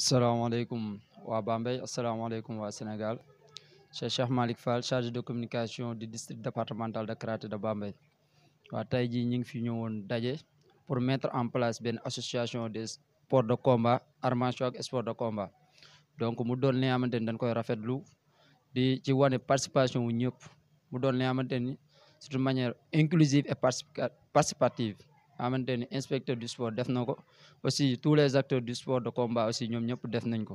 salaamaaleykum waa Bambey asalaamaaleykum wa Senegal Cheikh Cheikh Malick Fall chargé de communication du district départemental de Karaté de Bambey wa tey jii daye, ngi fi ñëwoon daje pour mettre en place association des sports de combat arts martiaux sport de combat donc mu doon li nga dañ koy rafetlu di ci wane participation wu ñëpp mu doon li nga ni manière inclusive et participative xamante ni inspecteur du sport def na ko aussi tous les acteurs du sport de combat aussi ñoom ñëpp def nañ ko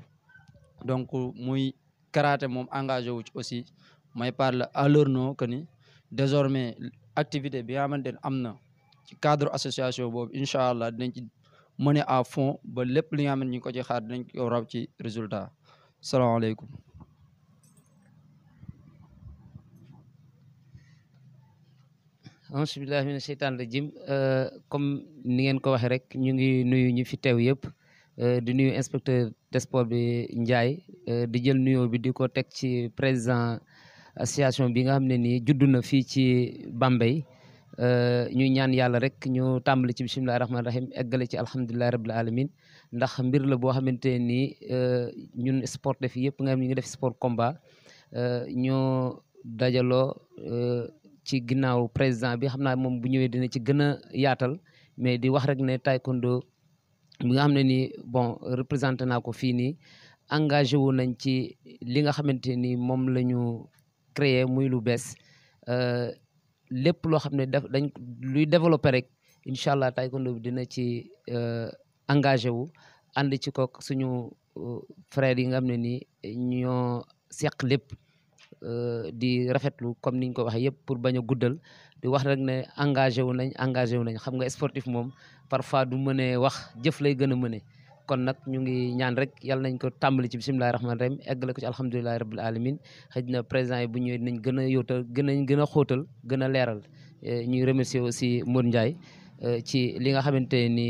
donc muy karaté moom engagé wu ci aussi may parle à leur nom que ni désormais activité bi nga xamante ni am na ci cadre association boobu incha allah dinañ ci mener à fond ba lépp li nga xam ne ñu ko ci xaar dinañ ko raw ci résultat salaamaaleykum bismillah mina sheytaan rajim euh, comme ni ngeen ko waxee rek ñu ngi nuyu ñu fi teew yëpp euh, di nuyu inspecteur des sports bi njaay euh, di jël nuyo bi di ko teg ci président association bi nga xam ne nii juddu na fii ci Bambey ñu ñaan yàlla rek ñu tàmbali ci bisimilahi rahmaani rahim eggale ci alhamdulilahi rabil alamin ndax mbir la boo xamante nii ñun sport def yëpp nga xam ngi def sport combat ñu dajaloo ci ginnaaw président bi xam naa moom bu ñëwee dina ci gën a yaatal mais di wax rek ne taekwondo bi nga xam ne ni bon représenté naa ko fii nii engagé wu nañ ci li nga xamante ni moom la ñu créé muy lu bees euh, lépp loo xam ne daf dañ luy développé rek incha allah taekwondo bi dina ci euh, engagé wu ànd ci kook suñu euh, frères yi nga ne nii ñoo seq lépp Euh, di rafetlu comme niñ ko waxee yëpp pour bañ a guddal di wax rek ne engagé wu nañ engagé wu xam nga sportif moom parfois du mënee wax jëf lay gën a mëne kon nag ñu ngi ñaan rek yàlla nañ ko tàmbali ci bisimilahi rahmaani rahim egle ko ci alhamdulilahi rabil alamin xëj na président yi bu ñëwee dinañ gën a yóotal gën a gën a xóotal gën a leeral euh, ñuy remercier aussi Modou Ndiaye euh, ci li nga xamante ni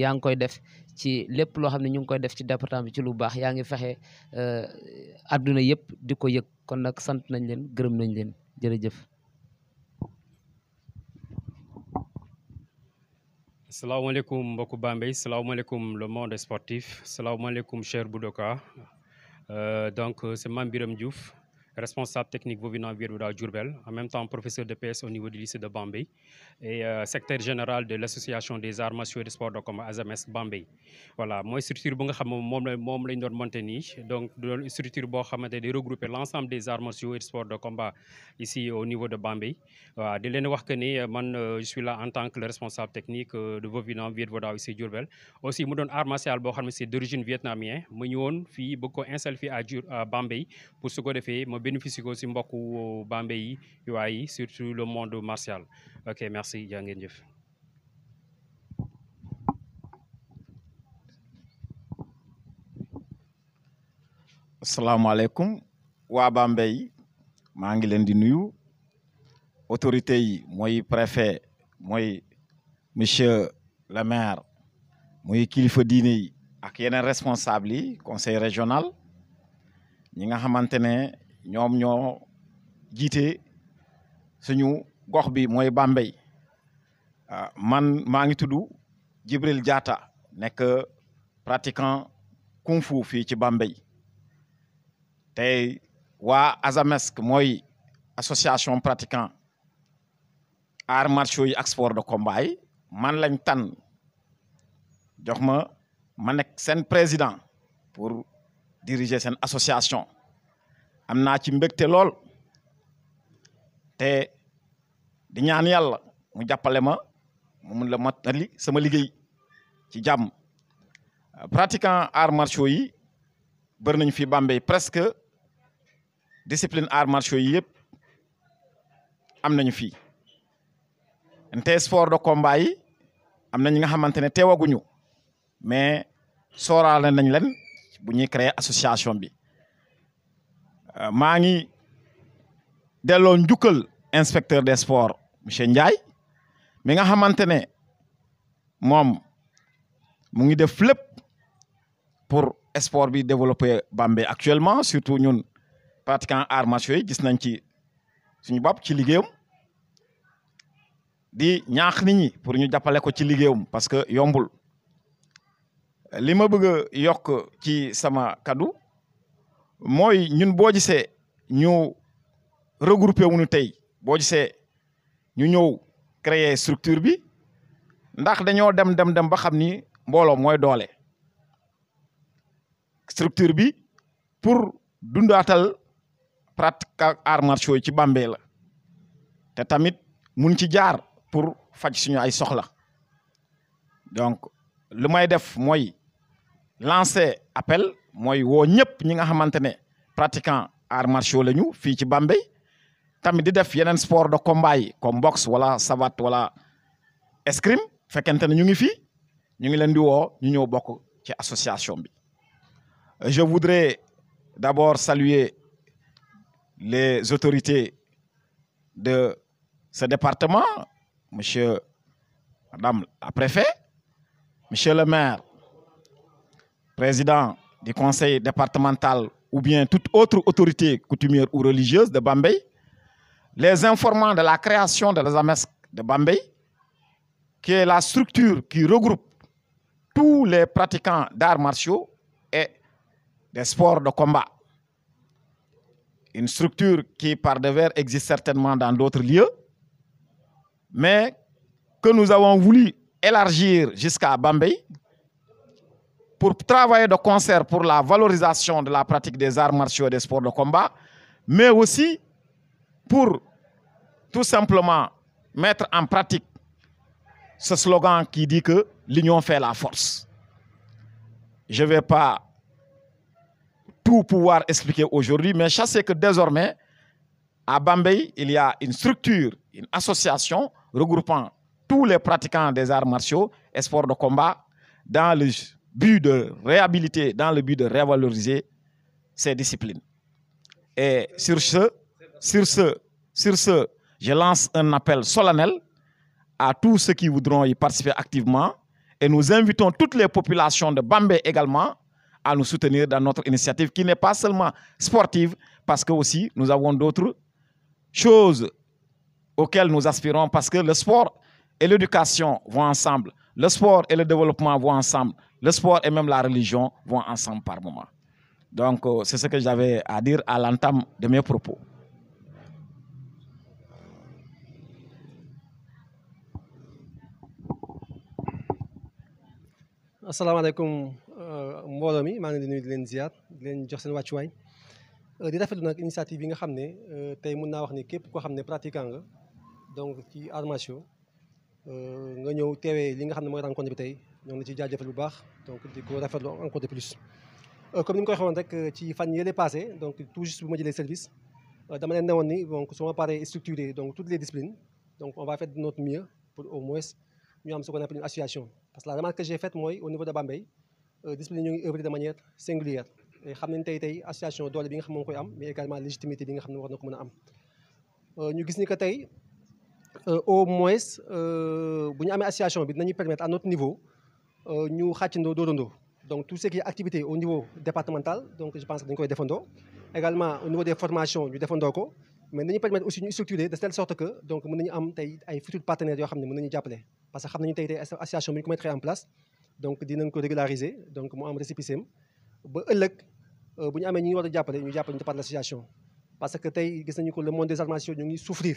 yaa ngi koy def ci lépp loo xam ne ñu ngi koy def ci département bi ci lu baax yaa ngi fexe adduna yëpp kon nak sant nañ leen gërëm nañ leen jërëjëf. salaamaaleykum mbokku Bambey salaamaaleykum le monde sportif salaamaaleykum cher Boudoka euh, donc c'est Mambiram Diouf responsable technique Vovina Virura Djurbel, en même temps professeur de PS au niveau du lycée de Bambay et euh, secteur général de l'association des arts martiaux et des sports de combat AZMS Bambay. Voilà, moi structure bu nga xam moom la moom lañ doon monter donc doon structure boo xamante di regrouper l'ensemble des arts martiaux et des sports de combat ici au niveau de Bambay. Waaw di wax que ni euh, euh, je suis là en tant que le responsable technique de Vovina Virura ici Djurbel. Aussi mu suis art martial d'origine vietnamienne mu suis venu bëgg ko installer à Bambay pour su ko defee bénéficier aussi beaucoup au euh, Bambey yi surtout le monde martial ok merci jaa ngeen jëf. alaikum. waa Bambey maa ngi autorité yi préfet moi monsieur le maire muy kilifa diine ak est responsable conseil régional ñi nga ñom ñoo jité suñu gox bi moy Bambey ah, man ma ngi tudd Jibril jata nek pratiquant kung fu fi ci Bambey tay wa azamesk moy association pratiquant art martiaux ak sport de combat yi man lañ tan jox ma ma nek sen président pour diriger sen association am naa ci mbégte lool te di ñaan yàlla mu jàppale ma mu mun la matali sama liggéey ci jàmm pratiquant arts martiaux yi bëri nañu fi Bambey presque discipline arts martiaux yi yëpp am nañu fi te sport de combat yi am na ñi nga xamante ne teewaguñu mais sooraale nañ leen bu ñuy créer association bi Euh, Mangi suis ndukal inspecteur des sports monsieur Ndiaye mi nga xamantene mom mu ngi def pour sport bi développer actuellement surtout ñun pratiquant des martiaux gis nañ ci suñu ci di ñaax nit ñi pour ñu jappalé ko ci parce que yombul li ma bëgg qui ci sama moy ñun bo gisé ñu regrouper wu tay bo gisé ñu ñëw créer structure bi ndax dañoo dem dem dem ba xamni mbolo moy doolé structure bi pour dundatal pratique art arts martiaux ci Bambey la té tamit muñ ci jaar pour fajj suñu ay soxla donc lu may def moy lancer appel moy wo ñep ñi nga xamante pratiquant art martiaux la ñu ci Bambey tamit di def yenen sport de combat yi comme boxe wala savate wala escrime fekkente ñu ngi fi ñu ngi leen di wo ñu ñew bok ci association bi. Je voudrais d'abord saluer les autorités de ce département, monsieur, madame la préfète, monsieur le maire, président du conseil départemental ou bien toute autre autorité coutumière ou religieuse de Bambay, les informants de la création de ZAMESC de Bambay, qui est la structure qui regroupe tous les pratiquants d'arts martiaux et des sports de combat. Une structure qui, par devers, existe certainement dans d'autres lieux, mais que nous avons voulu élargir jusqu'à Bambay pour travailler de concert pour la valorisation de la pratique des arts martiaux et des sports de combat, mais aussi pour tout simplement mettre en pratique ce slogan qui dit que l'union fait la force. Je ne vais pas tout pouvoir expliquer aujourd'hui, mais je sais que désormais, à Bambay, il y a une structure, une association regroupant tous les pratiquants des arts martiaux et sports de combat dans le but de réhabiliter, dans le but de révaloriser ces disciplines. Et sur ce, sur ce, sur ce, je lance un appel solennel à tous ceux qui voudront y participer activement et nous invitons toutes les populations de Bambé également à nous soutenir dans notre initiative qui n'est pas seulement sportive parce que aussi nous avons d'autres choses auxquelles nous aspirons parce que le sport et l'éducation vont ensemble. Le sport et le développement vont ensemble. Le sport et même la religion vont ensemble par moment. Donc, euh, c'est ce que j'avais à dire à l'entame de mes propos. Assalamu alaikum, euh, mon maa ngi leen di nuyu di leen ziar di leen jox seen wàccuwaay euh, di rafetlu de initiative yi nga ne tey pratiquant donc ci euh, nga ñëw téwé li nga xamné moy rencontre bi tay ñoo ngi la ci jaajëfal bu baax donc di ko rafetlu encore de plus euh, comme ni ñu koy waxoon rek ci fan yële passé donc tout juste bu ma jëlee service euh, dama leen ne ni donc sama paré structuré donc toutes les disciplines donc on va faire de notre mieux pour au moins ñu am ce qu'on appelle une association parce que la remarque que j'ai faite moy au niveau de Bambey discipline ñu ngi œuvrer de manière singulière et xam nañ tey tey association doole bi nga xam moom koy am mais également légitimité bi nga xam ne war na ko mëna am euh ñu gis ni que tay euh, au moins nous avons une association bi dinañu permettre à notre niveau euh, ñu faire des donc tout ce qui est activité au niveau départemental donc je pense que nous koy defandoo également au niveau des formations ñu défendons mais nous permettre aussi ñu structurer de telle sorte que donc nous nañu am partenaire ay futurs partenaires appelé parce que nous avons une association qui ko mettre en place donc dinañ ko régulariser donc nous am récépissé récipice. ba nous euh, bu nous amee ñu ñu war a ñu jàppale ñu départ de l'association parce que nous avons le monde des armations nous ñu souffrir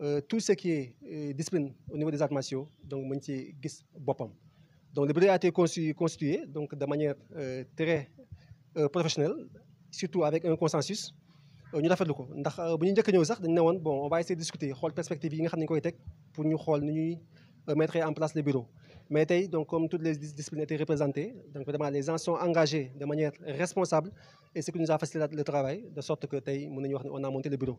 Euh, tout ce qui est euh, discipline au niveau des arts martiaux donc mu ci gis donc le bureau a été constitué donc de manière euh, très professionnelle surtout avec un consensus. ñu avons fait le coup. Nous avons ñëw sax dañu on va essayer de discuter la perspective pour nous mettre en place le bureau. mais comme toutes les disciplines étaient représentées donc les gens sont engagés de manière responsable et ce qui nous a facilité le travail de sorte que on a monté le bureau.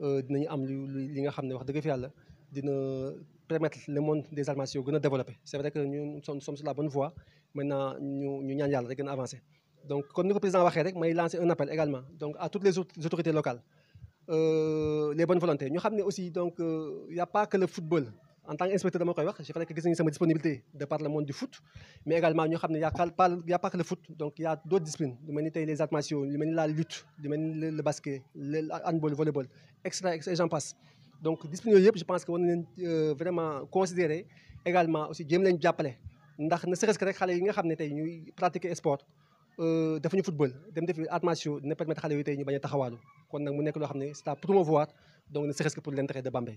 Euh, de am li nga wax permettre le monde des armes de développer C'est vrai que nous sommes sur la bonne voie maintenant nous ñu ñaan avancer donc comme le président waxee rek may lancer un appel également donc à toutes les autorités locales euh, les bonnes volontés ñu xam aussi donc euh, y' a pas que le football en tant qu'inspecteur, inspecteur dama koy wax je fallait quelques gis de sama disponibilité de par le monde du foot mais également il n'y y' a pas que le foot donc il y' a d'autres disciplines de mel les arts martiaux la lutte de mel le basket le handball volleyball extra etc. et j'en passe donc disciplines je pense que war euh, vraiment considérer également aussi jéem leen jàppale ndax ne serait-ce que rek xale yi nga xam ne tey ñuy pratiquer sport euh, defuñu football dem defi arts martiaux dina permettre xale de tey ñu bañ a taxawaalu kon nag mu nekk loo c'est à promouvoir donc ne serait-ce que pour l'intérêt de Bambey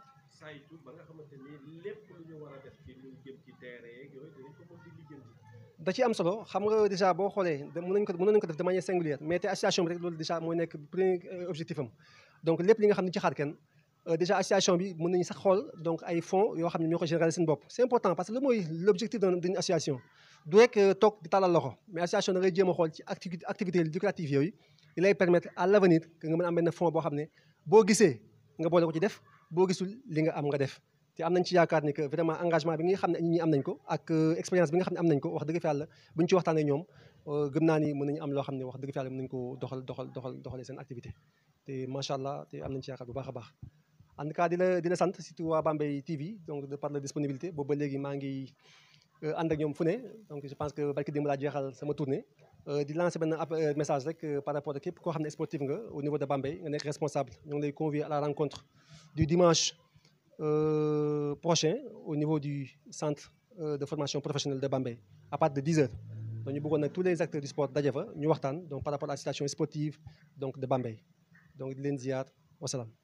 saytu ba nga xamante ni lépp lu def ci lu jëm ci terrain yeeg yooyu dinañ ko mën di lijjanti. da ci am solo xam nga déjà boo xoolee mën nañu ko mën nañu ko def de manière singulière mais te association bi rek loolu déjà mooy nekk premier euh, objectif am donc lépp li nga xam ne ci xaar kenn. Euh, déjà association bi mën nañu sax xool donc ay fonds yoo xam ne ñoo ko général seen bopp c'est important parce que loolu mooy l'objectif d'une association du rek euh, toog di talal loxo mais association da ngay jéem a xool ci activité activité lucrative yooyu di lay permettre à l'avenir que nga mën am benn fonds boo xam ne boo gisee nga boole ko ci def boo gisul li nga am nga def te am nañ ci yaakaar ni que vraiment engagement bi nga xam ñi am nañ ko ak euh, expérience bi nga xam am nañ ko wax dëgg fi yalla buñ ci waxtaanee ñoom euh, gëm naa ni mën nañu am lo xam wax dëgg fi yalla mën nañu ko doxal doxal doxal doxalee seen activité te macha allah te am nañ ci yaakaar bu baaxa baax en tout cas dina la di la Bambey TV donc de par la disponibilité bo ba légui ma ngi and euh, ak ñom fune donc je pense que barki démb jéxal sama tournée di lancer benn message rek par rapport à képp koo xam sportif nga au niveau de Bambey nga nekk responsable ñoo ngi lay convier à la rencontre du dimanche euh, prochain au niveau du centre euh, de formation professionnelle de Bambay à partir de 10h. Donc, nous avons tous les acteurs du sport d'Adjava, nous donc par rapport à la situation sportive donc, de Bambay. Donc, l'Indiat, au salam.